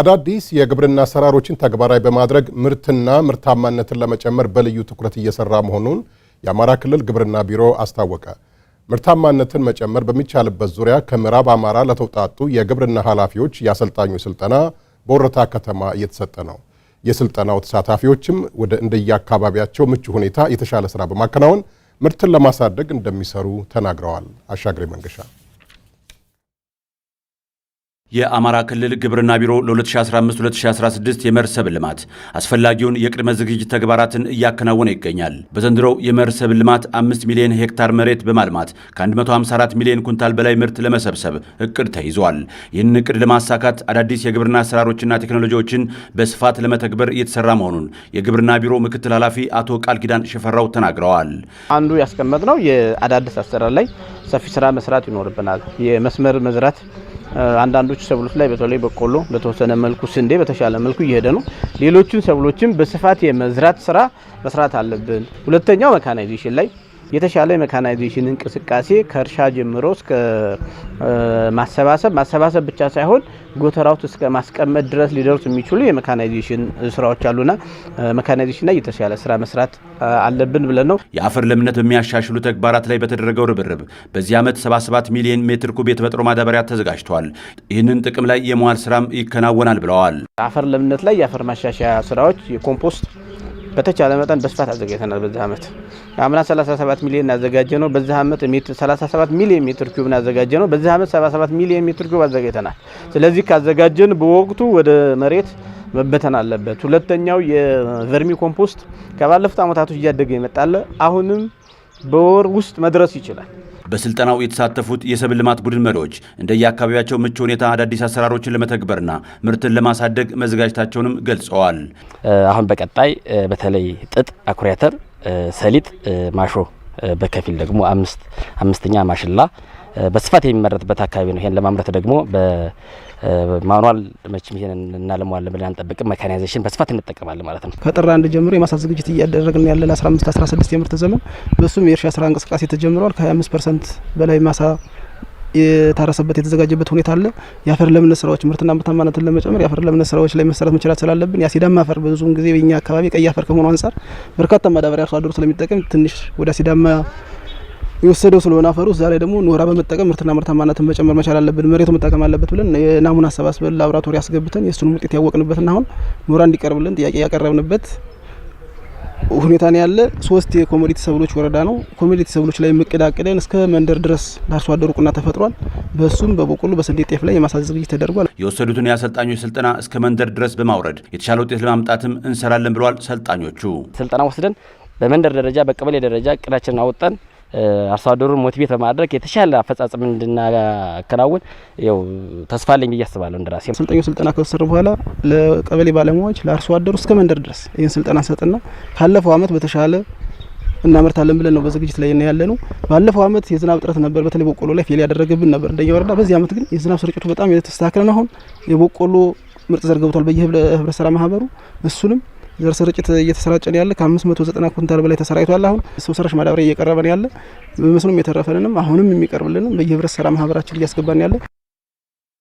አዳዲስ የግብርና አሰራሮችን ተግባራዊ በማድረግ ምርትና ምርታማነትን ለመጨመር በልዩ ትኩረት እየሰራ መሆኑን የአማራ ክልል ግብርና ቢሮ አስታወቀ። ምርታማነትን መጨመር በሚቻልበት ዙሪያ ከምዕራብ አማራ ለተውጣጡ የግብርና ኃላፊዎች የአሰልጣኙ ስልጠና በወረታ ከተማ እየተሰጠ ነው። የስልጠናው ተሳታፊዎችም ወደ እንደየአካባቢያቸው ምቹ ሁኔታ የተሻለ ስራ በማከናወን ምርትን ለማሳደግ እንደሚሰሩ ተናግረዋል። አሻግሬ መንገሻ የአማራ ክልል ግብርና ቢሮ ለ2015-2016 የመርሰብ ልማት አስፈላጊውን የቅድመ ዝግጅት ተግባራትን እያከናወነ ይገኛል። በዘንድሮው የመርሰብ ልማት 5 ሚሊዮን ሄክታር መሬት በማልማት ከ154 ሚሊዮን ኩንታል በላይ ምርት ለመሰብሰብ እቅድ ተይዟል። ይህን እቅድ ለማሳካት አዳዲስ የግብርና አሰራሮችና ቴክኖሎጂዎችን በስፋት ለመተግበር እየተሰራ መሆኑን የግብርና ቢሮ ምክትል ኃላፊ አቶ ቃል ኪዳን ሸፈራው ተናግረዋል። አንዱ ያስቀመጥነው የአዳዲስ አሰራር ላይ ሰፊ ስራ መስራት ይኖርብናል። የመስመር መዝራት አንዳንዶቹ ሰብሎች ላይ በተለይ በቆሎ በተወሰነ መልኩ፣ ስንዴ በተሻለ መልኩ እየሄደ ነው። ሌሎችን ሰብሎችም በስፋት የመዝራት ስራ መስራት አለብን። ሁለተኛው መካናይዜሽን ላይ የተሻለ የሜካናይዜሽን እንቅስቃሴ ከእርሻ ጀምሮ እስከ ማሰባሰብ ማሰባሰብ ብቻ ሳይሆን ጎተራውት እስከ ማስቀመጥ ድረስ ሊደርሱ የሚችሉ የሜካናይዜሽን ስራዎች አሉና ሜካናይዜሽን ላይ የተሻለ ስራ መስራት አለብን ብለን ነው። የአፈር ለምነት በሚያሻሽሉ ተግባራት ላይ በተደረገው ርብርብ በዚህ ዓመት 77 ሚሊዮን ሜትር ኩብ የተፈጥሮ ማዳበሪያ ተዘጋጅቷል። ይህንን ጥቅም ላይ የመዋል ስራም ይከናወናል ብለዋል። አፈር ለምነት ላይ የአፈር ማሻሻያ ስራዎች የኮምፖስት በተቻለ መጠን በስፋት አዘጋጅተናል። በዚህ ዓመት አምና 37 ሚሊዮን ያዘጋጀ ነው። በዚህ ዓመት 37 ሚሊዮን ሜትር ኪዩብ ያዘጋጀ ነው። በዚህ ዓመት 77 ሚሊዮን ሜትር ኪዩብ አዘጋጅተናል። ስለዚህ ካዘጋጀን በወቅቱ ወደ መሬት መበተን አለበት። ሁለተኛው የቨርሚ ኮምፖስት ከባለፉት ዓመታቶች እያደገ ይመጣል። አሁንም በወር ውስጥ መድረስ ይችላል። በስልጠናው የተሳተፉት የሰብል ልማት ቡድን መሪዎች እንደየአካባቢያቸው ምቹ ሁኔታ አዳዲስ አሰራሮችን ለመተግበርና ምርትን ለማሳደግ መዘጋጀታቸውንም ገልጸዋል። አሁን በቀጣይ በተለይ ጥጥ፣ አኩሪ አተር፣ ሰሊጥ፣ ማሾ በከፊል ደግሞ አምስተኛ ማሽላ በስፋት የሚመረትበት አካባቢ ነው። ይሄን ለማምረት ደግሞ ማኗል መቼም ይሄን እናለማዋለን ብለን አንጠብቅም። መካናይዜሽን በስፋት እንጠቀማለን ማለት ነው። ከጥር አንድ ጀምሮ የማሳ ዝግጅት እያደረግን ያለ ለ15 16 የምርት ዘመን በሱም የእርሻ ስራ እንቅስቃሴ ተጀምሯል። ከ25 ፐርሰንት በላይ ማሳ የታረሰበት የተዘጋጀበት ሁኔታ አለ። የአፈር ለምነት ስራዎች ምርትና ምርታማነትን ለመጨመር የአፈር ለምነት ስራዎች ላይ መሰረት መቻል ስላለብን የአሲዳማ አፈር ብዙውን ጊዜ በኛ አካባቢ ቀይ አፈር ከመሆኑ አንጻር በርካታ ማዳበሪያ አርሶ አደሩ ስለሚጠቀም ትንሽ ወደ አሲዳማ የወሰደው ስለሆነ አፈሩ እዛ ላይ ደግሞ ኖራ በመጠቀም ምርትና ምርታማነትን መጨመር መቻል አለብን፣ መሬቱ መጠቀም አለበት ብለን የናሙና አሰባስበን ላብራቶሪ አስገብተን የሱን ውጤት ያወቅንበትና አሁን ኖራ እንዲቀርብልን ጥያቄ ያቀረብንበት ሁኔታ ነው ያለ። ሶስት የኮሞዲቲ ሰብሎች ወረዳ ነው። ኮሞዲቲ ሰብሎች ላይ እቅድ አቅደን እስከ መንደር ድረስ ለአርሶ አደሩ ቁና ተፈጥሯል። በሱም በበቆሎ፣ በስንዴ፣ ጤፍ ላይ የማሳ ዝግጅት ተደርጓል። የወሰዱትን የአሰልጣኞች ስልጠና እስከ መንደር ድረስ በማውረድ የተሻለ ውጤት ለማምጣትም እንሰራለን ብለዋል። ሰልጣኞቹ ስልጠና ወስደን በመንደር ደረጃ በቀበሌ ደረጃ እቅዳችንን አወጣን። አርሶ አደሩን ሞቲቬት በማድረግ የተሻለ አፈጻጸም እንድናከናውን ያው ተስፋ አለኝ ብዬ አስባለሁ። እንደራሴ አሰልጣኙ ስልጠና ከወሰደ በኋላ ለቀበሌ ባለሙያዎች ለአርሶ አደሩ እስከ መንደር ድረስ ይህን ስልጠና ሰጥና ካለፈው አመት በተሻለ እናመርታለን ብለን ነው በዝግጅት ላይ ያለ ነው። ባለፈው አመት የዝናብ እጥረት ነበር፣ በተለይ በቆሎ ላይ ፌል ያደረገብን ነበር እንደኛ ወረዳ። በዚህ አመት ግን የዝናብ ስርጭቱ በጣም የተስተካከለ ነው። አሁን የበቆሎ ምርጥ ዘር ገብቷል በየህብረ ስራ ማህበሩ እሱንም ዘር ስርጭት እየተሰራጨ ያለ። ከ590 ኩንታል በላይ ተሰራይቷል አሁን ሰው ሰራሽ ማዳበሪያ እየቀረበ ያለ። በመስኖም የተረፈንንም አሁንም የሚቀርብልንም በየህብረት ስራ ማህበራችን እያስገባን ያለ